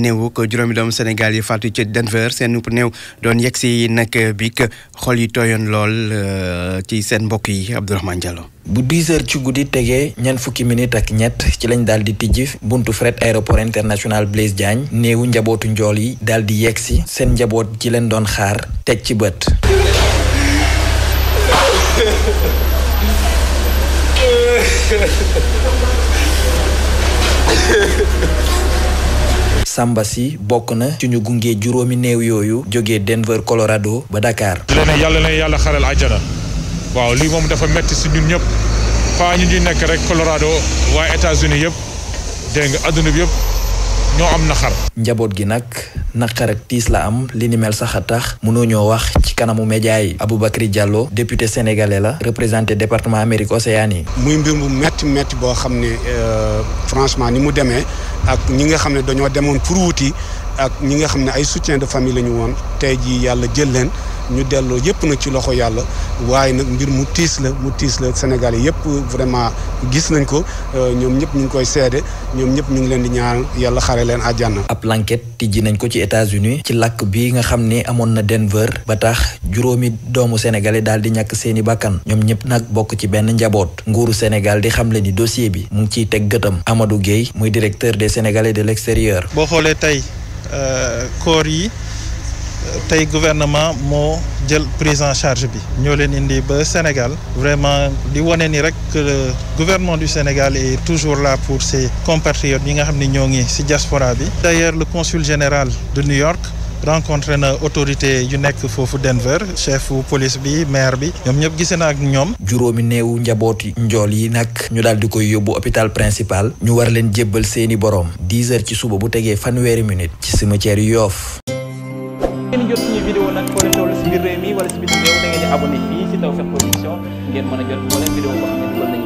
néewu ko juróomi doomu senegal yi faatu ci Denver seen néew doon yegg si nag biig xol yi tooyoon lool euh, ci seen mbokk yi Abdourahmane Diallo. bu 10 heures ci guddi tegee ñeent fukki minute ak ñett ci lañ daal di tijji buntu fret aéroport international Blaise Diagne néewu njabootu njool yi daal di yegg si seen njaboot ci leen doon xaar teg ci bët. Samba si bokk na ci ñu gunge juróomi néew yooyu jógee Denver Colorado ba Dakar. di yàlla leen yàlla xaral àjjana waaw lii moom dafa metti si ñun ñëpp faa ñu ñuy nekk rek Colorado waa États-Unis yëpp dégg nga adduna yëpp. ñoo am na naqar. njaboot gi nag naqar ak tiis la am li ni mel sax a tax mënoo ñoo wax ci kanamu média yi Aboubacry Diallo député sénégalais la représenté département Amérique Océanie yi. muy mbir mu métti métti boo xam ne euh, franchement ni mu demee ak ñi nga xam ne dañoo demoon pour wuti ak ñi nga xam ne ay soutien de famille la ñu woon tey jii yàlla jël leen. ñu delloo yëpp na ci loxo yàlla waaye nag mbir mu tiis la mu tiis la Sénégal yëpp vraiment gis nañ ko euh, ñoom ñëpp ñu ngi koy seede ñoom ñëpp ñu ngi leen di ñaan yàlla xare leen àjjana. ab lanket tijji nañ ko ci États-Unis ci làkk bi nga xam ni amoon na Denver ba tax juróomi doomu sénégalais daal di ñàkk seeni bàkkan ñoom ñëpp nag bokk ci benn njaboot nguuru Sénégal di xamle ni dossier bi mu ngi ciy teg gëtam Amadou Guèye muy directeur des sénégalais de l'extérieur. boo xoolee tey koor euh, yi. tey gouvernement moo jël prise en charge bi ñoo leen indi ba Sénégal vraiment di wane ni rek le gouvernement du Sénégal est toujours là pour ses compatriotes yi nga xam ne ñoo ngi ci jaspora bi d'ailleurs le consul général du New York rencontré na autorité yu nekk foofu Denver chef police bi maire bi ñoom ñëpp gisee na ak ñoom. juróomi néewu njabooti njool yi nag ñu daal di koy yóbbu hôpital principal ñu war leen jébbal seeni boroom dix heures ci suba bu tegee fanweeri minute ci cimetière yu Yoff. mi wala si bitim réew da ngeen di abonné fii si Tawfekh Production ngeen mën a jot moo leen vidéo boo xam ne dugal nañ